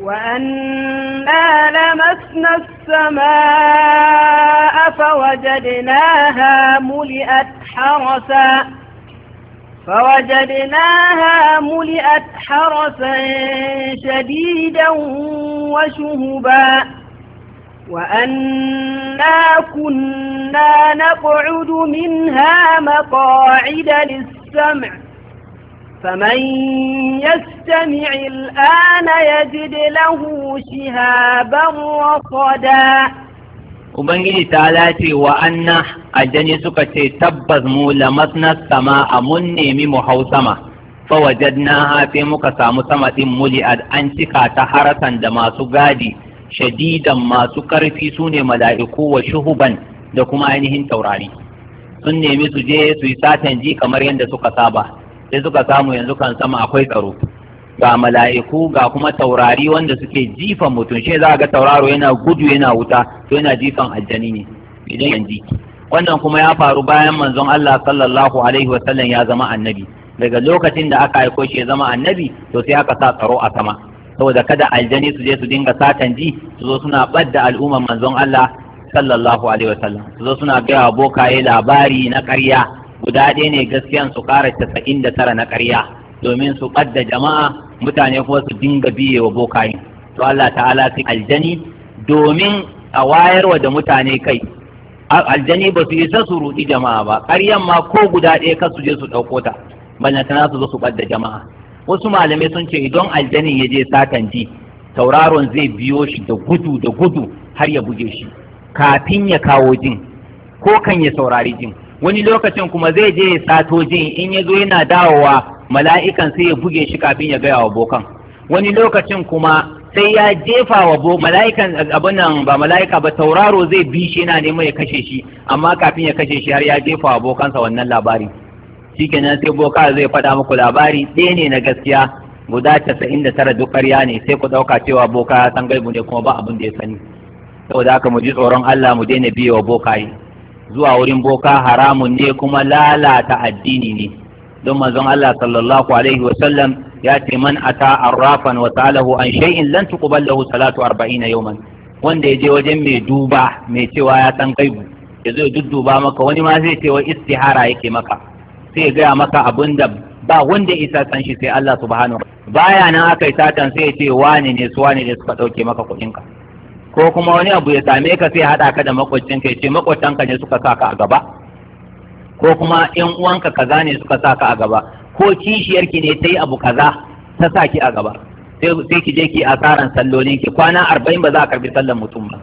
وأنا لمسنا السماء فوجدناها ملئت حرسا فوجدناها ملئت حرسا شديدا وشهبا وأنا كنا نقعد منها مقاعد للسمع فمن يستمع الآن يجد له شهابا رصدا Ubangiji ta lace wa anna aljani suka ce tabbas mu lamasna sama a mun nemi mu hau sama fawajadna muka samu sama din muli'ad an cika ta harasan da masu gadi shadidan masu karfi sune mala'iku wa shuhuban da kuma ainihin taurari sun nemi su je su yi satan ji kamar yadda suka saba sai suka samu yanzu kan sama akwai tsaro ga mala'iku ga kuma taurari wanda suke jifan mutum shi za ga tauraro yana gudu yana wuta to yana jifan aljani ne idan yanzu wannan kuma ya faru bayan manzon Allah sallallahu alaihi wa sallam ya zama annabi daga lokacin da aka aiko shi ya zama annabi to sai aka sa tsaro a sama saboda kada aljani su je su dinga satan ji su zo suna badda al'umman manzon Allah sallallahu alaihi wa sallam su zo suna gaya bokaye labari na ƙarya guda ɗaya ne gaskiyan su ƙara casa'in da tara na ƙarya domin su ɓadda jama'a mutane kuma su dinga biye wa bokaye to Allah ta'ala sai aljani domin a wayarwa da mutane kai aljani ba su isa su ruɗi jama'a ba ƙaryan ma ko guda ɗaya ka su je su ɗauko ta ballantana su zo su ɓadda jama'a wasu malamai sun ce idan aljanin ya je satan ji tauraron zai biyo shi da gudu da gudu har ya buge shi kafin ya kawo jin ko kan ya saurari jin wani lokacin kuma zai je ya sato jin in ya zo yana dawowa mala'ikan sai ya buge shi kafin ya gaya wa bokan wani lokacin kuma sai ya jefa wa bo mala'ikan abin nan ba mala'ika ba tauraro zai bi shi yana neman ya kashe shi amma kafin ya kashe shi har ya jefa wa bokansa wannan labari shikenan sai boka zai faɗa muku labari ɗaya ne na gaskiya guda casa'in da tara duk ƙarya ne sai ku ɗauka cewa boka ya san gaibu ne kuma ba abin da ya sani saboda haka mu ji tsoron Allah mu daina biye wa bokaye zuwa wurin boka haramun ne kuma lalata addini ne don manzon Allah sallallahu alaihi wa sallam ya ce man ata arrafan wa salahu an shay'in lan tuqbal lahu salatu 40 yawman wanda ya je wajen mai duba mai cewa ya san gaibu ya zo dudduba maka wani ma zai ce wa istihara yake maka sai ya gaya maka abin da ba wanda isa san shi sai Allah subhanahu baya nan aka yi satan sai ya ce wane ne su wane ne suka dauke maka kuɗinka ko kuma wani abu ya same ka sai haɗa ka da makwacinka ya ce makwacinka ne suka sa ka a gaba ko kuma yan uwanka kaza ne suka sa ka a gaba ko kishiyarki ne ta yi abu kaza ta sa ki a gaba sai ki je ki asaran sallolin ki kwana arba'in ba za a karbi sallan mutum ba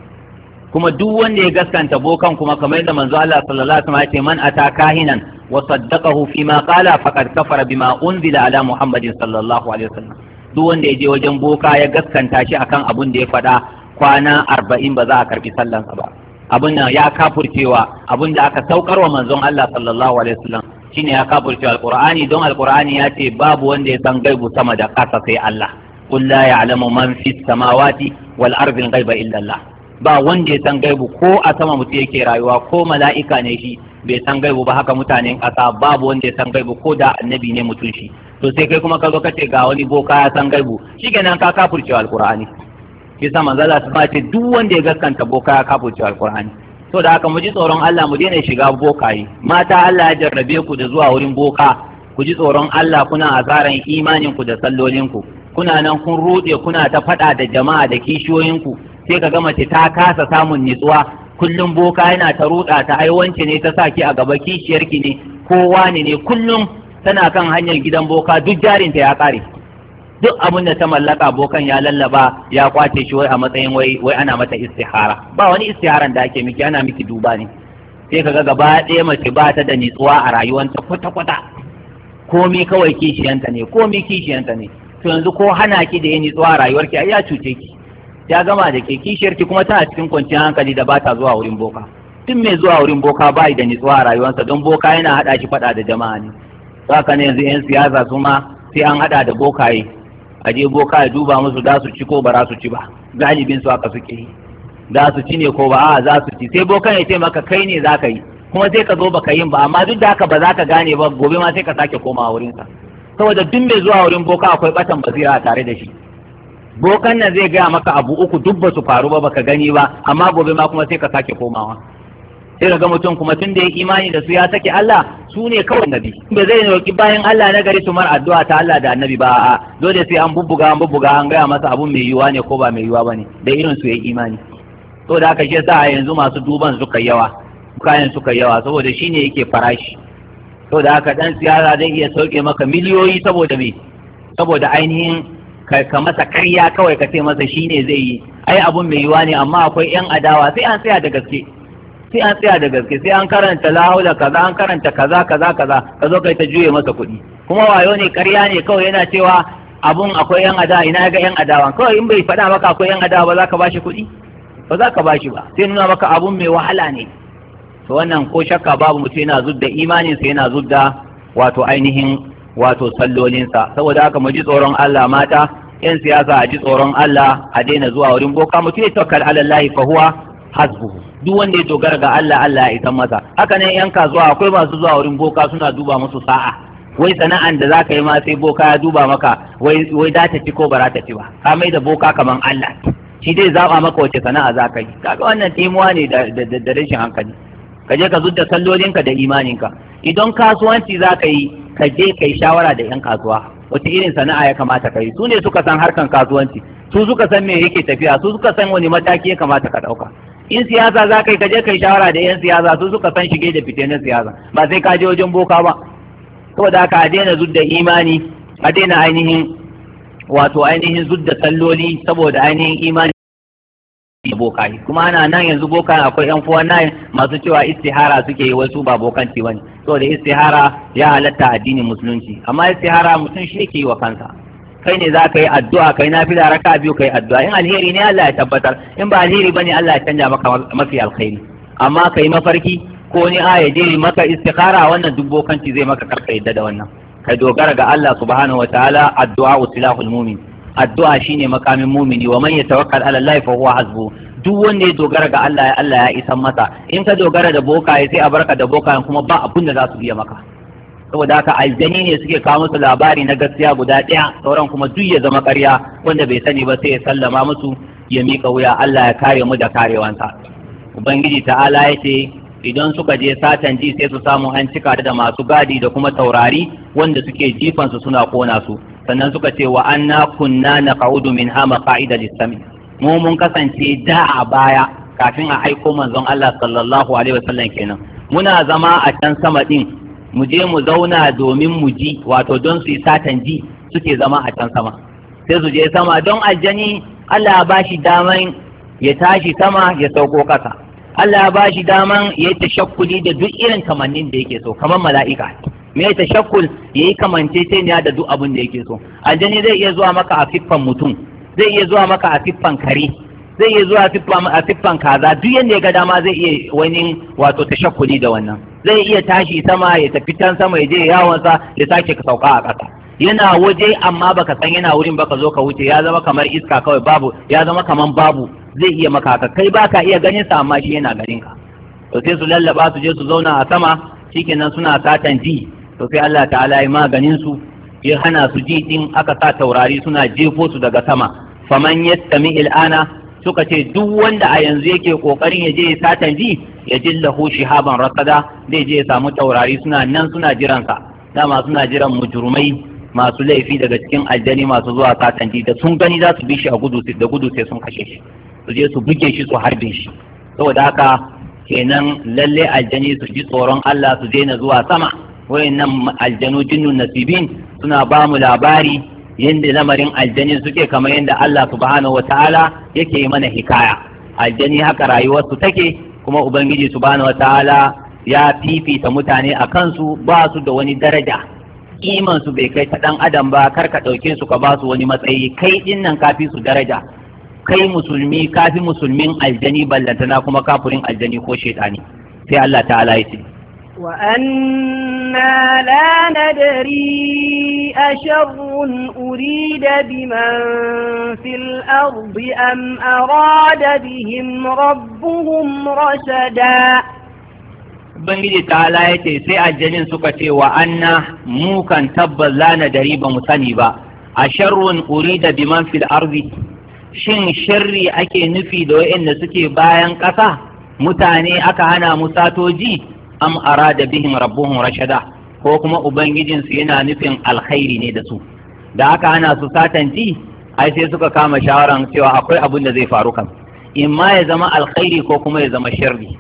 kuma duk wanda ya gaskanta bokan kuma kamar yadda manzo Allah sallallahu alaihi wasallam ya ce man ata kahinan wa saddaqahu fi ma qala faqad kafara bima unzila ala muhammadin sallallahu alaihi wasallam duk wanda ya je wajen boka ya gaskanta shi akan abun da ya faɗa kwana arba'in ba za a karbi sallansa ba abin nan ya kafurcewa abin da aka saukar wa manzon Allah sallallahu alaihi wasallam shine ya kafurcewa alqur'ani don alqur'ani ya ce babu wanda ya san gaibu sama da ƙasa sai Allah qul la ya'lamu man fis samawati wal ardi ghaiba illa Allah ba wanda ya san gaibu ko a sama mutum yake rayuwa ko mala'ika ne shi bai san gaibu ba haka mutanen ƙasa babu wanda ya san gaibu ko da annabi ne mutum shi to sai kai kuma ka zo ka ce ga wani boka ya san gaibu shikenan ka kafurcewa alqur'ani shi sa Allah su ce duk wanda ya gaskanta boka ya cewa alkur'ani to da haka mu ji tsoron Allah mu daina shiga bokaye mata Allah ya jarrabe ku da zuwa wurin boka ku ji tsoron Allah kuna azaran imanin ku da sallolin ku kuna nan kun rude kuna ta faɗa da jama'a da kishiyoyin ku sai ka gama mace ta kasa samun nitsuwa kullum boka yana ta ruda ta ai wance ne ta saki a gaba kishiyarki ne kowa ne ne kullum tana kan hanyar gidan boka duk jarinta ya kare duk abin da ta mallaka bokan ya lallaba ya kwace shi wai a matsayin wai wai ana mata istihara ba wani istiharan da ake miki ana miki duba ne sai kaga gaba ɗaya mace ba ta da nitsuwa a rayuwanta kwata kwata komai kawai kishiyanta ne komai kishiyanta ne to yanzu ko hana ki da ya nitsuwa a rayuwarki ai ya cuce ki ya gama da ke kishiyarki kuma tana cikin kwanciyar hankali da ba ta zuwa wurin boka tun mai zuwa wurin boka ba da nitsuwa a rayuwarsa don boka yana haɗa shi faɗa da jama'a ne ka ne yanzu 'yan siyasa su ma sai an haɗa da bokaye a je boka ya duba musu za su ci ko ba za su ci ba galibin su haka suke yi za su ci ne ko ba a za su ci sai bokan ya ce maka kai ne za ka yi kuma sai ka zo baka yin ba amma duk da haka ba za ka gane ba gobe ma sai ka sake komawa wurinsa saboda duk mai zuwa wurin boka akwai batan basira tare da shi bokan nan zai gaya maka abu uku duk ba su faru ba baka gani ba amma gobe ma kuma sai ka sake komawa sai ga mutum kuma tun da ya imani da su ya sake Allah su ne kawai nabi ba zai roki bayan Allah na gari tumar addu'a ta Allah da annabi ba a'a dole sai an bubbuga an bubbuga an gaya masa abun mai yiwuwa ne ko ba mai yiwuwa bane da irin su ya imani to da aka ce sa yanzu masu duban suka yawa kayan suka yawa saboda shine yake farashi to da aka dan siyasa zai iya sauke maka miliyoyi saboda me saboda ainihin ka masa karya kawai ka ce masa shine zai yi ai abun mai yiwuwa ne amma akwai yan adawa sai an tsaya da gaske sai an tsaya da gaske sai an karanta lahula kaza an karanta kaza kaza kaza ka zo kai ta juye masa kuɗi kuma wayo ne ƙarya ne kawai yana cewa abun akwai yan ada ina ga yan adawa? kawai in bai faɗa maka akwai yan adawa ba za ka bashi kuɗi ba za ka bashi ba sai nuna maka abun mai wahala ne to wannan ko shakka babu mutum yana zudda sa yana zudda wato ainihin wato sa saboda haka mu ji tsoron Allah mata yan siyasa a ji tsoron Allah a daina zuwa wurin boka mutum ya tawakkal ala Allah fa huwa hasbuhu duk wanda ya dogara ga Allah Allah ya isa masa haka ne yan kasuwa akwai masu zuwa wurin boka suna duba musu sa'a wai sana'an da zaka yi ma sai boka ya duba maka wai wai da ta ci ko ba ta ci ba ka mai da boka kaman Allah shi dai zaba maka wace sana'a zaka yi kaga wannan timuwa ne da rashin hankali ka je ka zudda sallolinka da imaninka idan kasuwanci za ka yi ka je ka yi shawara da 'yan kasuwa wata irin sana'a ya kamata ka yi su ne suka san harkan kasuwanci su suka san me yake tafiya su suka san wani mataki ya kamata ka ɗauka in siyasa za ka yi kaje kai shawara da yan siyasa su suka san shige da fite na siyasa ba sai ka je wajen boka ba saboda haka a daina zudda imani a daina ainihin wato ainihin zudda salloli saboda ainihin imani da boka kuma ana nan yanzu boka akwai yan fuwan nan masu cewa istihara suke yi wasu ba bokan ci bane saboda istihara ya halatta addinin musulunci amma istihara mutum shi yake yi wa kansa kai ne za ka yi addu'a kai nafila raka biyu kai addu'a in alheri ne Allah ya tabbatar in ba alheri bane Allah ya canja maka mafi alkhairi amma kai mafarki ko ni aya je maka istikhara wannan dubbokanci zai maka karka yadda da wannan kai dogara ga Allah subhanahu wataala addu'a usilahul mu'min addu'a shine makamin mumini wa man yatawakkal ala Allah fa huwa hasbu duk wanda ya dogara ga Allah Allah ya isan masa in ka dogara da bokaye sai a barka da bokayen kuma ba abun da za su biya maka saboda haka aljani ne suke kawo musu labari na gaskiya guda ɗaya sauran kuma duk ya zama ƙarya wanda bai sani ba sai ya sallama musu ya miƙa wuya Allah ya kare mu da karewansa ubangiji ta'ala ya ce idan suka je satan ji sai su samu an cika da masu gadi da kuma taurari wanda suke su suna kona su sannan suka ce wa anna kunna qaudu min hama qa'ida lisami mu mun kasance da a baya kafin a aiko manzon Allah sallallahu alaihi wasallam kenan muna zama a can sama din mu je mu zauna domin mu ji wato don su yi satan ji suke zama a can sama sai su je sama don aljani Allah ba shi daman ya tashi sama ya sauko kasa Allah ba shi daman ya yi tashakkuli da duk irin kamannin da yake so kamar mala'ika me tashakkul ya yi kamance kamanceceniya da duk abin da yake so aljani zai iya zuwa maka a siffan mutum zai iya zuwa maka a siffan kare zai iya zuwa a siffan kaza duk yadda ya ga dama zai iya wani wato tashakkuli da wannan zai iya tashi sama ya tafi can sama ya je yawonsa ya sake ka sauka a ƙasa yana waje amma baka san yana wurin baka zo ka wuce ya zama kamar iska kawai babu ya zama kamar babu zai iya maka haka kai baka iya ganin sa amma shi yana ganin ka to sai su lallaba su je su zauna a sama shikenan suna satan ji to sai Allah ta'ala ya maganin su ya hana su ji din aka sa taurari suna jefo su daga sama faman yastami il'ana suka ce duk wanda a yanzu yake kokarin ya je ya satan ji ya hu shihaban rasada zai je ya samu taurari suna nan suna jiran sa dama suna jiran mujrumai masu laifi daga cikin aljani masu zuwa satan ji da sun gani za su bi shi a gudu da gudu sai sun kashe shi su je su buge shi su harbe shi saboda haka kenan lalle aljani su ji tsoron Allah su daina zuwa sama wayannan aljanu jinnun nasibin suna ba mu labari yadda lamarin aljani suke kamar yadda Allah subhanahu yake yi mana hikaya aljani haka rayuwarsu take kuma ubangiji subhanahu ta'ala ya fifita mutane a kansu ba su da wani daraja iman su bai kai ta dan adam ba kar ka dauke su ka ba su wani matsayi kai din nan kafi su daraja kai musulmi kafi musulmin aljani ballantana kuma kafurin aljani ko shaytani sai Allah ta'ala ya ce وأنا لا ندري أشر أريد بمن في الأرض أم أراد بهم ربهم رشدا Ubangiji ta ce, sai aljanin suka ce wa anna mu kan tabbas la dari ba mu sani ba a sharrun da biman fil ardi shin sharri ake nufi da wa'anda suke bayan ƙasa mutane aka hana mu satoji am arada bihim rabbuhum rashada ko kuma ubangijinsu yana nufin alkhairi ne da su da aka ana su satanci ai sai suka kama shawaran cewa akwai abin da zai faru kan in ma ya zama alkhairi ko kuma ya zama sharri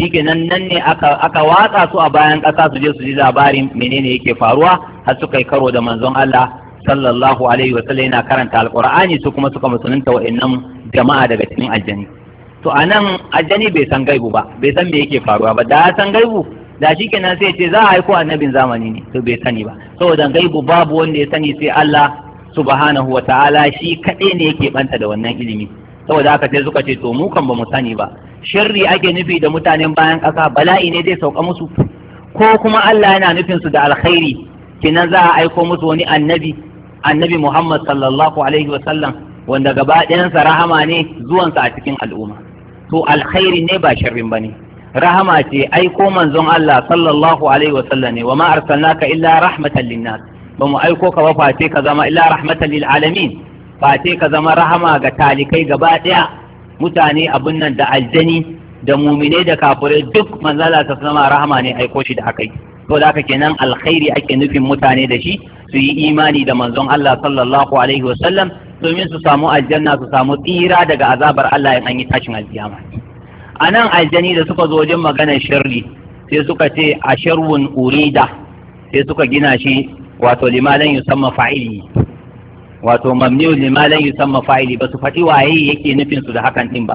shikenan nan ne aka aka watsa su a bayan ƙasa su je su ji labarin menene yake faruwa har suka yi karo da manzon Allah sallallahu alaihi wa sallam yana karanta alqur'ani su kuma suka musulunta wa'annan jama'a daga cikin aljanna to a nan ajani bai san gaibu ba bai san me yake faruwa ba da ya san gaibu da shi kenan sai ce za a aiko annabin zamani ne to bai sani ba saboda gaibu babu wanda ya sani sai Allah subhanahu wa ta'ala shi kaɗai ne yake banta da wannan ilimi saboda haka sai suka ce to mu kan ba sani ba sharri ake nufi da mutanen bayan ƙasa bala'i ne zai sauka musu ko kuma Allah yana nufin su da alkhairi kenan za a aiko musu wani annabi annabi Muhammad sallallahu alaihi wa sallam wanda gaba ɗayansa rahama ne zuwansa a cikin al'umma to alkhairi ne ba sharrin bane rahama ce aiko manzon Allah sallallahu alaihi wa sallam wa ma arsalnaka illa rahmatan linnas ba mu aiko ka ba face ka zama illa rahmatan lil alamin face ka zama rahama ga talikai gaba daya mutane abun nan da aljani da mumine da kafirai duk manzala ta sama rahama ne aiko shi da akai to da haka kenan alkhairi ake nufin mutane da shi su yi imani da manzon Allah sallallahu alaihi wa sallam domin su samu aljanna su samu tsira daga azabar Allah ya yi tashin alkiyama a nan aljani da suka zo wajen magana shirri sai suka ce a shirwun urida sai suka gina shi wato limalan yusamma fa'ili wato mamniyu limalan yusamma fa'ili ba su faɗi waye yake nufin su da hakan din ba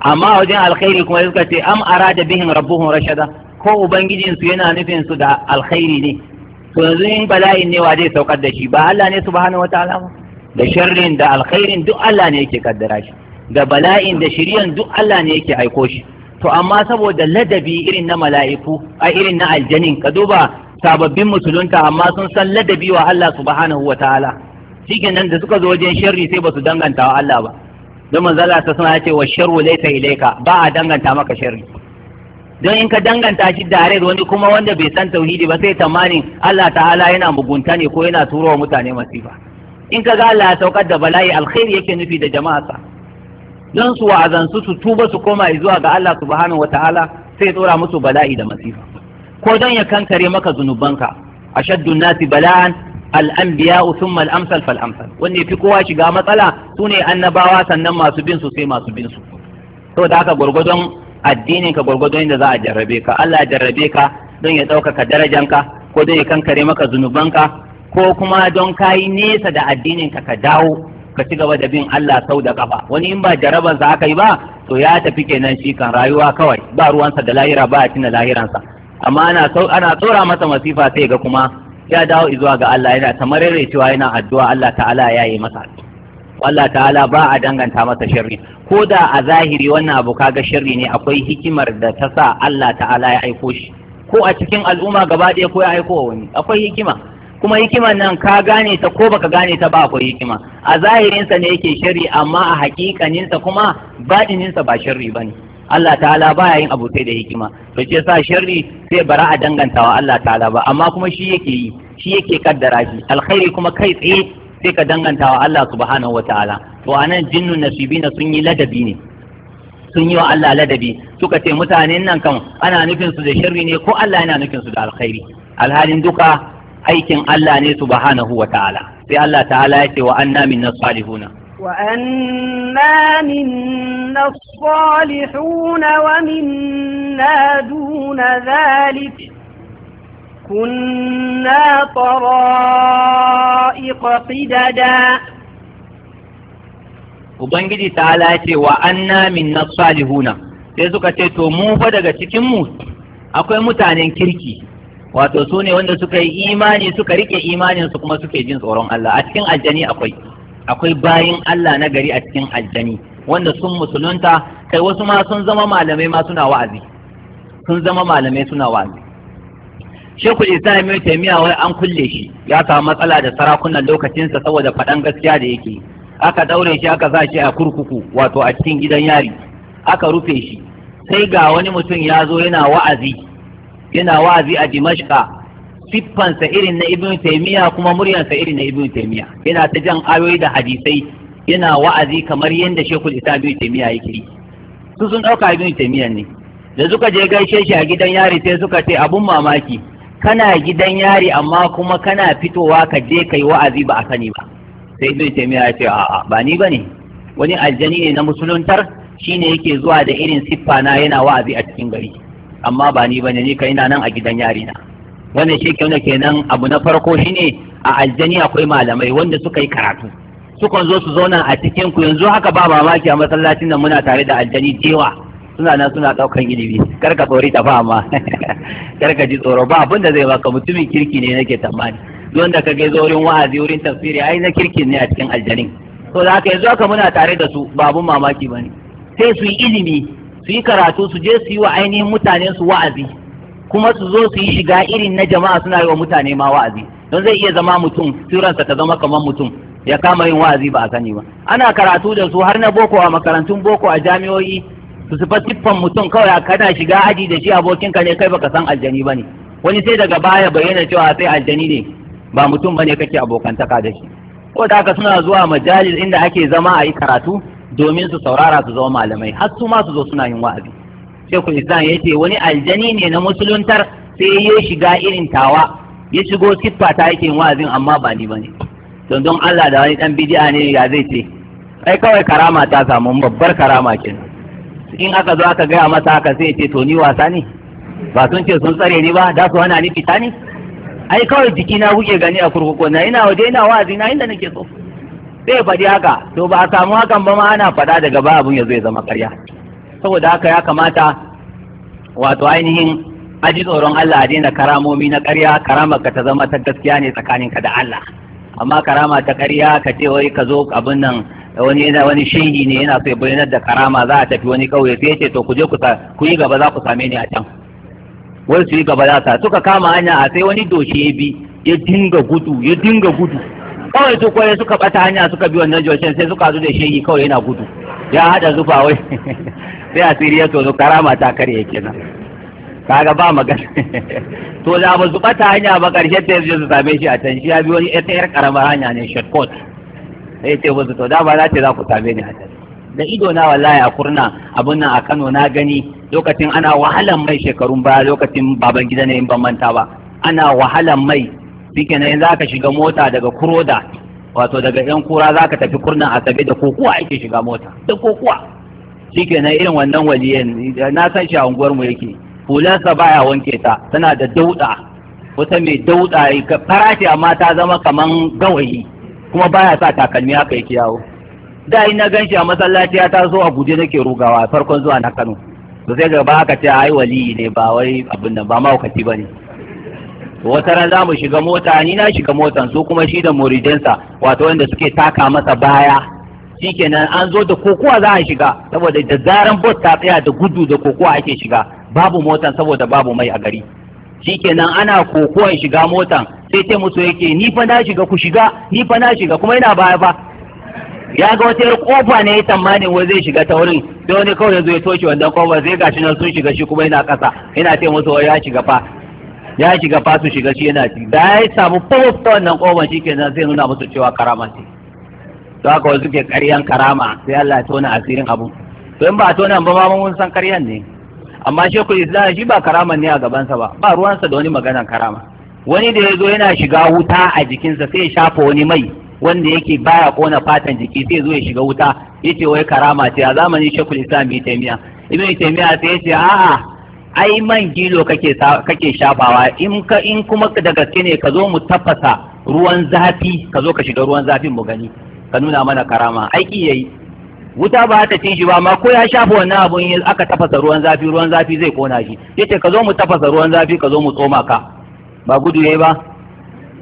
amma wajen alkhairi kuma suka ce am arada bihin rabbuhum rashada ko ubangijin su yana nufin su da alkhairi ne to yanzu in bala'in ne wa zai saukar da shi ba Allah ne subhanahu wataala ba da sharrin da alkhairin duk Allah ne yake kaddara shi da bala'in da shiryan duk Allah ne yake aiko shi to amma saboda ladabi irin na mala'iku a irin na aljanin ka duba sababbin musulunta amma sun san ladabi wa Allah subhanahu wa ta'ala cikin nan da suka zo wajen sharri sai ba su danganta wa Allah ba don manzala ta suna ce wa sharru laysa ilayka ba a danganta maka sharri don in ka danganta shi da wani kuma wanda bai san tauhidi ba sai tamanin Allah ta'ala yana mugunta ne ko yana turo wa mutane masifa in ka ga Allah ya saukar da bala'i alkhairi yake nufi da jama'arsa don su wa'azansu su tuba su koma zuwa ga Allah subhanahu wataala sai tsora musu bala'i da masifa ko don ya kankare maka zunubanka ashaddu nasi bala'an al-anbiya'u thumma al-amsal fal amsal wanda fi kowa shiga matsala su ne annabawa sannan masu bin su sai masu bin su da haka gurgudun addinin ka gurgudun inda za a jarrabe ka Allah ya jarrabe ka don ya ɗaukaka darajanka ko don ya kankare maka zunubanka ko kuma don kayi nesa da addinin ka ka dawo ka ci gaba da bin Allah sau da kafa wani in ba jaraban sa aka yi ba to ya tafi kenan shi kan rayuwa kawai ba ruwansa da lahira ba a tuna lahiransa amma ana ana tsora masa masifa sai ga kuma ya dawo zuwa ga Allah yana ta cewa yana addu'a Allah ta'ala ya yi masa Allah ta'ala ba a danganta masa sharri ko da a zahiri wannan abu kaga sharri ne akwai hikimar da ta sa Allah ta'ala ya aiko shi ko a cikin al'umma gaba ɗaya ko ya aiko wa wani akwai hikima kuma hikiman nan ka gane ta ko baka gane ta ba akwai hikima a zahirinsa ne yake shari amma a hakikaninsa kuma baɗininsa ba shari ba ne Allah ta'ala baya yin abu sai da hikima to ce sa shari sai bara a dangantawa Allah ta'ala ba amma kuma shi yake yi shi yake kaddara shi alkhairi kuma kai tsaye sai ka dangantawa Allah subhanahu wa ta'ala to anan jinnun nasibina sun yi ladabi ne sun yi wa Allah ladabi suka ce mutanen nan kan ana nufin su da sharri ne ko Allah yana nufin su da alkhairi alhalin duka aikin Allah ne subhanahu wa ta'ala sai Allah ta'ala ya ce wa anna minna salihuna wa anna minna salihuna wa minna duna zalika كنا طرائق قددا Ubangiji ta ce wa anna min salihuna sai suka ce to mu fa daga cikin mu akwai mutanen kirki wato su ne wanda suka yi imani suka rike imanin kuma suke jin tsoron Allah a cikin aljani akwai akwai bayin Allah na gari a cikin aljani wanda sun musulunta kai wasu ma sun zama malamai ma suna wa'azi sun zama malamai suna wa'azi Sheikh Ibn Taymiyyah wai an kulle shi ya samu matsala da sarakunan lokacinsa saboda faɗan gaskiya da yake aka daure shi aka sa shi a kurkuku wato a cikin gidan yari aka rufe shi sai ga wani mutum ya zo yana wa'azi yana wa'azi a dimashka siffansa irin na ibn taymiya kuma muryansa irin na ibn taymiya yana ta jan ayoyi da hadisai yana wa'azi kamar yadda shekul isa ibn taymiya yake yi su sun dauka ibn taymiya ne da suka je gaishe shi a gidan yari sai suka ce abun mamaki kana gidan yari amma kuma kana fitowa ka je kai wa'azi ba a sani ba sai ibn taymiya ya ce a'a ba ni bane wani aljani ne na musuluntar shine yake zuwa da irin siffa na yana wa'azi a cikin gari amma ba ni bane ni kai ina nan a gidan yari na wannan shi ke kenan abu na farko shine a aljani akwai malamai wanda suka yi karatu sukan zo su zauna a cikin ku yanzu haka ba mamaki a masallacin nan muna tare da aljani cewa suna nan suna daukan ilimi kar ka tsori ta fama kar ka ji tsoro ba abin da zai baka mutumin kirki ne nake tambani don da ka ga zo wurin wa'azi wurin tafsiri ai na kirki ne a cikin aljanin to da haka yanzu haka muna tare da su Babu mamaki bane sai su yi ilimi su yi karatu su je su yi wa ainihin mutanen su wa'azi kuma su zo su yi shiga irin na jama'a suna yi wa mutane ma wa'azi don zai iya zama mutum turansa ta zama kamar mutum ya kama yin wa'azi ba a sani ba ana karatu da su har na boko a makarantun boko a jami'o'i su sufa siffan mutum kawai kana shiga aji da shi abokinka ne kai baka san aljani ba ne wani sai daga baya bayyana cewa sai aljani ne ba mutum ba ne kake abokantaka da shi ko da haka suna zuwa majalis inda ake zama a yi karatu domin su saurara su zama malamai har su ma su zo suna yin wa'azi shekul islam ya ce wani aljani ne na musuluntar sai ya shiga irin tawa ya shigo siffa ta yake yin wa'azin amma ba ni bane don don Allah da wani dan bidi'a ne ya zai ce ai kawai karama ta samu babbar karama ce in aka zo aka gaya masa haka sai ce to ni wasa ne ba sun ce sun tsare ni ba da su hana ni fita ne ai kawai jiki na buge gani a kurkuku na ina waje ina wa'azi na inda nake so zai faɗi haka to ba a samu hakan ba ma ana faɗa daga ba abun ya zai zama ƙarya saboda haka ya kamata wato ainihin aji tsoron Allah a daina karamomi na karya, karama ka ta zama ta gaskiya ne ka da Allah amma karama ta karya ka ce wai ka zo abin nan wani yana wani shehi ne yana so ya bayyanar da karama za a tafi wani kauye sai ce to ku je ku yi gaba za ku same ni a can wai su yi gaba za ta suka kama hanya a sai wani doshi ya bi ya dinga gudu ya dinga gudu kawai su kwaye suka bata hanya suka bi wannan joshin sai suka zo da shegi kawai yana gudu ya hada zufa wai sai asiri ya tozo karama ta karye kenan kaga ba magana to da ba su bata hanya ba karshe ta yanzu su same shi a can shi ya bi wani ita yar karamar hanya ne shortcut sai ce musu to da ba za ta za ku same ni a can da ido na wallahi a kurna abun nan a Kano na gani lokacin ana wahalan mai shekarun baya lokacin baban gida ne in ban manta ba ana wahalan mai shikenan za ka shiga mota daga kuroda wato daga yan kura za ka tafi a asabe da kokuwa ake shiga mota da kokuwa shikenan irin wannan waliyan na san shi a unguwar mu yake hulansa baya wanke ta tana da dauda wata mai dauda ka farashi amma ta zama kaman gawayi kuma baya sa takalmi haka yake yawo da ina gan shi a masallaci ya zo a guje nake rugawa farkon zuwa na Kano to sai gaba aka ce ai wali ne ba wai abin nan ba ne. ne wata ran za mu shiga mota ni na shiga motan su kuma shi da muridansa wato wanda suke taka masa baya shikenan an zo da kokowa za a shiga saboda da zaran bot ta tsaya da gudu da kokowa ake shiga babu motan saboda babu mai a gari shikenan ana kokowa shiga motan sai ce musu yake ni fa na shiga ku shiga ni fa na shiga kuma yana baya fa ya ga wata kofa ne ya tsammanin wai zai shiga ta wurin sai wani kawai ya zo ya toshe wannan kofa zai gashi nan sun shiga shi kuma yana kasa yana ce musu wai ya shiga fa ya shiga fasu shiga shi yana ci da ya samu fawaf wannan koban shi ke zai nuna musu cewa karama ce to haka wasu ke karyan karama sai Allah ya tona asirin abu to in ba a tona ba ma mun san karyan ne amma shekul islam shi ba karama ne a gabansa ba ba ruwansa da wani maganan karama wani da ya zo yana shiga wuta a jikinsa sai ya shafa wani mai wanda yake baya kona fatan jiki sai zo ya shiga wuta yace wai karama ce a zamanin shekul islam ibn taimiya ibn taimiya sai ce a'a ai man gilo kake kake shafawa in ka in kuma da gaske ne ka zo mu tafasa ruwan zafi ka zo ka shiga ruwan zafin mu gani ka nuna mana karama aiki yayi wuta ba ta tishi shi ba amma ko ya shafa wannan abun yin aka tafasa ruwan zafi ruwan zafi zai kona shi yace ka zo mu tafasa ruwan zafi ka zo mu tsoma ka ba gudu yayi ba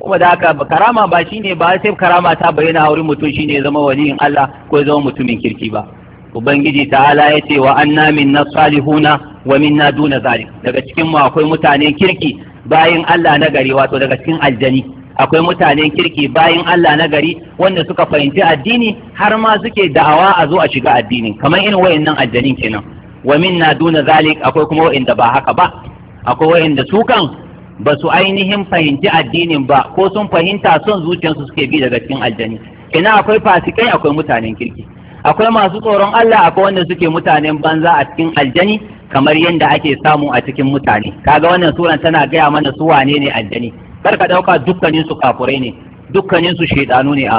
kuma da haka karama ba shine ba sai karama ta bayyana a wurin mutum shine zama waliyin Allah ko zama mutumin kirki ba ubangiji ta'ala ce wa anna minna salihuna wamin na duna zalik daga cikin mu akwai mutanen kirki bayin Allah na gari wato daga cikin aljani akwai mutanen kirki bayin Allah na gari wanda suka fahimci addini har ma suke da'awa a zo a shiga addini kamar irin wayannan aljanin kenan wamin na duna zalik akwai kuma wayanda ba haka ba akwai wayanda su kan ba su ainihin fahimci addinin ba ko sun fahimta son zuciyarsu suke bi daga cikin aljani ina akwai fasikai akwai mutanen kirki akwai masu tsoron Allah akwai wanda suke mutanen banza a cikin aljani kamar yadda ake samu a cikin mutane kaga wannan suran tana gaya mana su wane ne aljani kar ka dauka dukkanin su kafurai ne dukkanin su ne a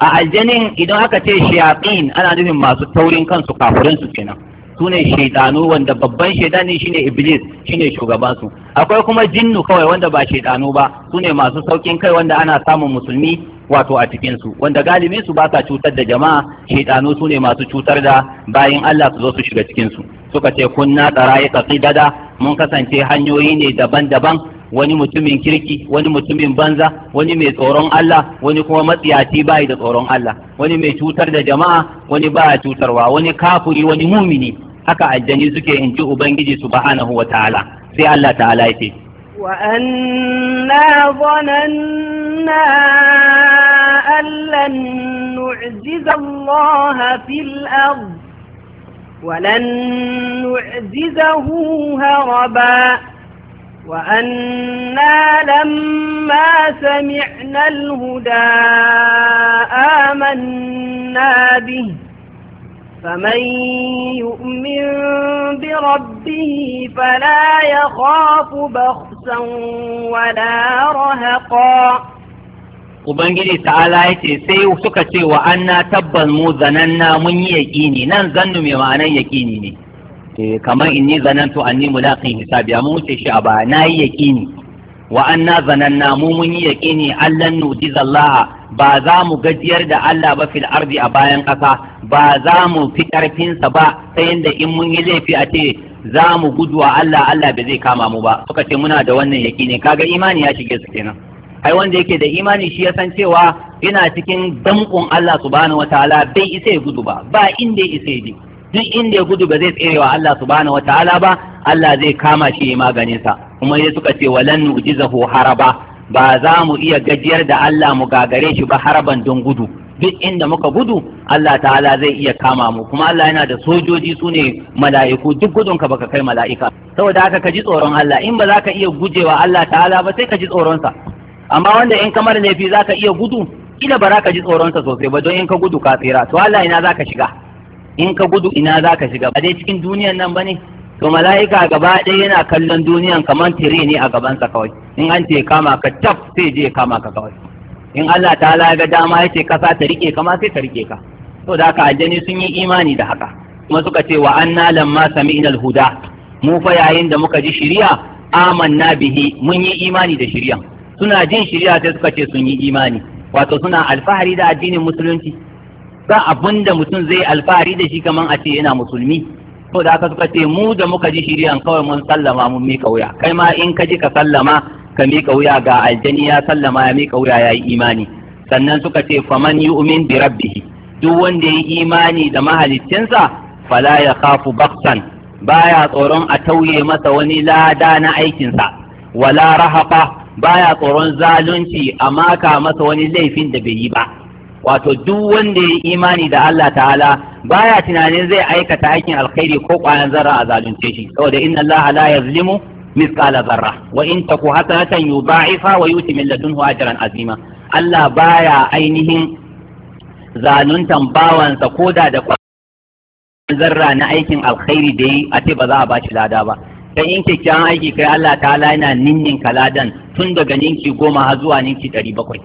a aljanin idan aka ce shayatin ana nufin masu taurin kansu kafurin su kenan su ne shaidanu wanda babban shaidan ne shine iblis shine shugaban su akwai kuma jinnu kawai wanda ba shaidanu ba su ne masu saukin kai wanda ana samun musulmi wato a cikinsu. wanda galibin su ba sa cutar da jama'a shaidanu su ne masu cutar da bayan Allah su zo su shiga cikin su suka ce kunna tsaraye kasidada mun kasance hanyoyi ne daban-daban wani mutumin kirki wani mutumin banza wani mai tsoron Allah wani kuma matsiyaci bai da tsoron Allah wani mai cutar da jama'a wani ya cutarwa wani kafuri wani mumini haka aljani suke in ji ubangiji subhanahu wataala في الله تعالى ايتي وأنا ظننا أن لن نعجز الله في الأرض ولن نعجزه هربا وأنا لما سمعنا الهدى آمنا به فمن يؤمن بربه فلا يخاف بخسا ولا رهقا Ubangiji ta'ala ya ce sai suka ce wa an na tabbas mu zananna mun yi yaƙini nan zannu mai ma'anar yaƙini ne eh, kamar in ni zanantu an ni mulaƙin hisabiya mun wuce shi a ba na yi yaƙini wa an na zananna mu mun yi yaƙini allan nujizallaha ba za mu gajiyar da Allah ba fil ardi a bayan ƙasa ba za mu fi ƙarfinsa ba ta yadda in mun yi laifi a ce za mu gudu wa Allah Allah ba zai kama mu ba suka ce muna da wannan yaki ne kaga imani ya shige su kenan ai wanda yake da imani shi ya san cewa ina cikin damƙon Allah subhanahu wataala bai isa ya gudu ba ba inda ya isa ya duk inda ya gudu ba zai tserewa Allah subhanahu wataala ba Allah zai kama shi ya maganin sa kuma ya suka ce walan nu'jizahu haraba ba za mu iya gajiyar da Allah mu gagare shi ba harban don gudu duk inda muka gudu Allah ta'ala zai iya kama mu kuma Allah yana da sojoji su ne mala'iku duk gudun ka baka kai mala'ika saboda haka ka ji tsoron Allah in ba za ka iya gujewa Allah ta'ala ba sai ka ji tsoronsa amma wanda in kamar laifi za ka iya gudu kila ba za ka ji tsoronsa sosai ba don in ka gudu ka tsira to Allah ina za ka shiga in ka gudu ina za ka shiga ba dai cikin duniyar nan ba ne to mala'ika gaba ɗaya yana kallon duniyan kamar tire ne a gabansa kawai in an ce kama ka taf sai je kama ka kawai in Allah ta ga dama ya ce kasa ta rike kama sai ta rike ka to da haka aljani sun yi imani da haka kuma suka ce wa anna lamma sami'na huda mu fa yayin da muka ji shiriya amanna bihi mun yi imani da shiriyan suna jin shiriya sai suka ce sun yi imani wato suna alfahari da addinin musulunci ba abin da mutum zai alfahari da shi kaman a ce yana musulmi to da aka suka ce mu da muka ji shiriyan kawai mun sallama mun mika wuya kai ma in ka ji ka sallama ka mika wuya ga aljani ya sallama ya mika wuya ya yi imani sannan suka ce faman yu'min bi birabbihi. duk wanda ya yi imani da mahaliccinsa fala ya khafu baksan baya tsoron a tauye masa wani lada na aikinsa wala rahafa baya tsoron zalunci a maka masa wani laifin da bai yi ba wato duk wanda ya imani da Allah ta'ala baya tunanin zai aikata aikin alkhairi ko kwayan zarra a zalunce shi saboda inna Allah la yazlimu mithqala zarra wa in taku hasanatan yudha'ifa wa yuti min ladunhu ajran azima Allah baya ainihin zaluntan bawansa koda da zarra na aikin alkhairi da yi a ce ba za a bashi lada ba ta in kyakkyawan aiki kai Allah ta'ala yana ninnin Ladan tun daga ninki goma har zuwa ninki ɗari bakwai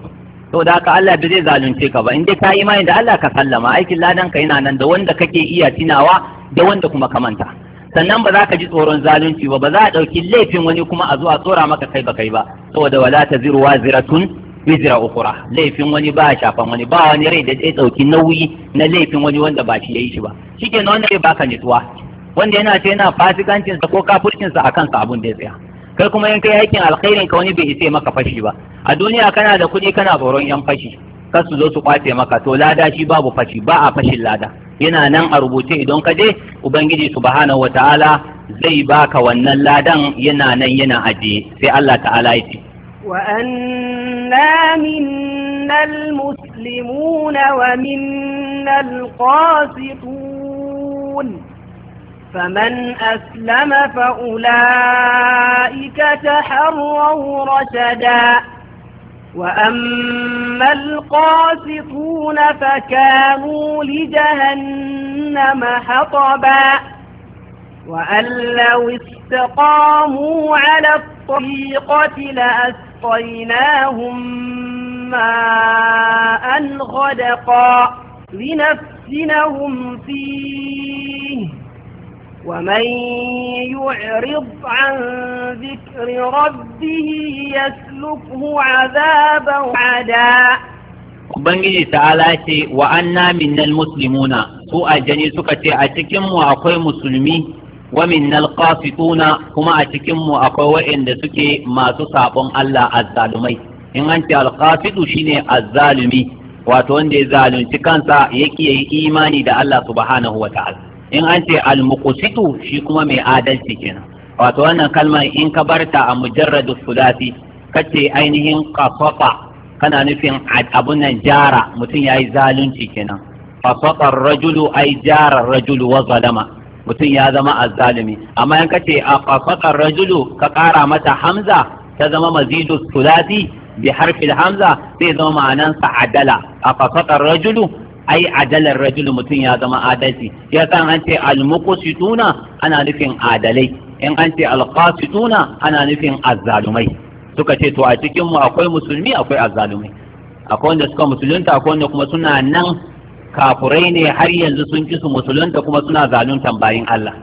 To da haka Allah da zai zalunce ka ba in dai ka imani da Allah ka sallama aikin ladan ka yana nan da wanda kake iya tinawa da wanda kuma ka manta sannan ba za ka ji tsoron zalunci ba ba za a ɗauki laifin wani kuma a zo a tsora maka kai ba kai ba saboda wala ta ziru wa ziratun bizira ukura laifin wani ba shafan wani ba wani rai da zai ɗauki nauyi na laifin wani wanda ba shi ya yi shi ba shi ke wannan zai baka nutsuwa wanda yana ce yana fasikancinsa ko kafurcinsa a kansa abun da ya tsaya kai kuma in kai aikin alkhairin ka wani bai isa maka fashi ba a duniya kana da kuɗi kana tsoron yan fashi kar su zo su kwace maka to lada shi babu fashi ba a fashin lada yana nan a rubuce idan ka je ubangiji subhanahu wataala zai baka wannan ladan yana nan yana ajiye sai Allah ta'ala ya ce وأنا منا المسلمون ومنا القاسطون فمن أسلم فأولئك تحروا رشدا وأما القاسطون فكانوا لجهنم حطبا وأن لو استقاموا على الطريقة لأسقيناهم ماء غدقا لنفسنهم فيه ومن يعرض عن ذكر ربه يسلكه عذابا عدا Ubangiji ta'ala ce wa anna minnal muslimuna su aljani suka ce a cikinmu akwai musulmi wa minnal qasituna kuma a cikinmu akwai waɗanda suke masu sabon Allah azzalumai in an ce alqasidu shine azzalumi wato wanda ya zalunci kansa yake yi imani da Allah subhanahu wa ta'ala in an ce almuqsitu shi kuma mai adalci kenan wato wannan kalma in ka barta a mujarradu sulasi kace ainihin qasafa kana nufin abun nan jara mutum yayi zalunci kenan fasata rajulu ai jara rajulu wa zalama mutum ya zama azzalimi amma in kace a fasata rajulu ka kara mata hamza ta zama mazidu sulasi bi harfil hamza zai zama ma'anansa adala a fasata rajulu ai adalar rajul mutum ya zama adalci ya san an ce almuqsituna ana nufin adalai in an ce alqasituna ana nufin azzalumai suka ce to a cikin mu akwai musulmi akwai azzalumai akwai wanda suka musulunta akwai wanda kuma suna nan kafurai ne har yanzu sun ki su musulunta kuma suna zaluntan bayin Allah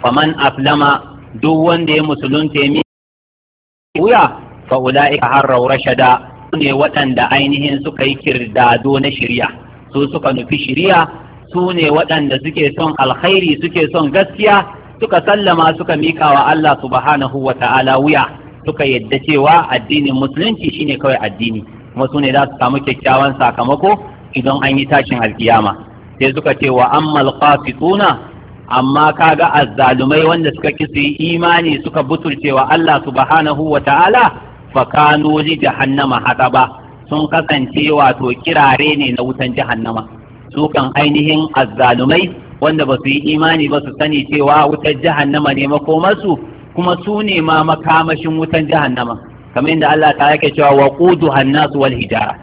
faman aflama duk wanda ya musulunta ya wuya fa ulaika harra rashada ne waɗanda ainihin suka yi kirdado na shirya su suka nufi shiriya su ne waɗanda suke son alkhairi suke son gaskiya suka sallama suka mika wa Allah subhanahu wa ta'ala wuya suka yadda cewa addinin musulunci shine kawai addini kuma su ne za su samu kyakkyawan sakamako idan an yi tashin alkiyama sai suka ce wa ammal qasituna amma kaga azzalumai wanda suka ki su imani suka butulce wa Allah subhanahu wa ta'ala fa kanu li jahannama hataba sun kasance wato kirare ne na wutan jahannama su kan ainihin azzalumai wanda ba su yi imani ba su sani cewa wutar jahannama ne makomarsu kuma su ne ma makamashin wutan jahannama kamar inda Allah ta yake cewa wa qudu hannasu wal hijara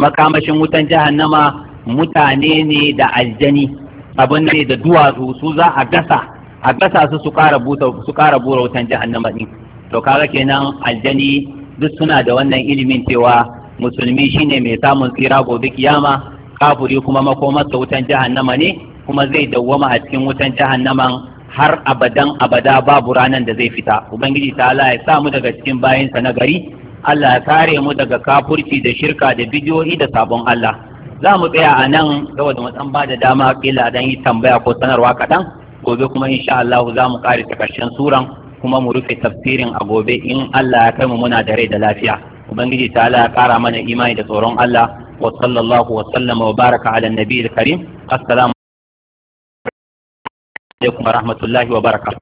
makamashin wutan jahannama mutane ne da aljani abin ne da duwatsu su za a gasa a gasa su su kara buta su kara bura wutan jahannama din to kaga kenan aljani duk suna da wannan ilimin cewa musulmi shine mai samun tsira gobe kiyama kafuri kuma makomarsa wutan jahannama ne kuma zai dawwama a cikin wutan jahannaman har abadan abada babu ranan da zai fita ubangiji ta Allah ya samu daga cikin bayansa na gari Allah ya kare mu daga kafurci da shirka da bidiyoyi da sabon Allah za mu tsaya a nan saboda mu ba bada dama kila dan yi tambaya ko sanarwa kaɗan gobe kuma insha Allah za mu kare ta karshen suran kuma mu rufe tafsirin a gobe in Allah ya kai mu muna da rai da lafiya ubangiji ta ala ya kara mana imani da tsoron Allah wa sallallahu wa sallama wa baraka ala nabiyil karim assalamu alaikum wa rahmatullahi wa barakatuh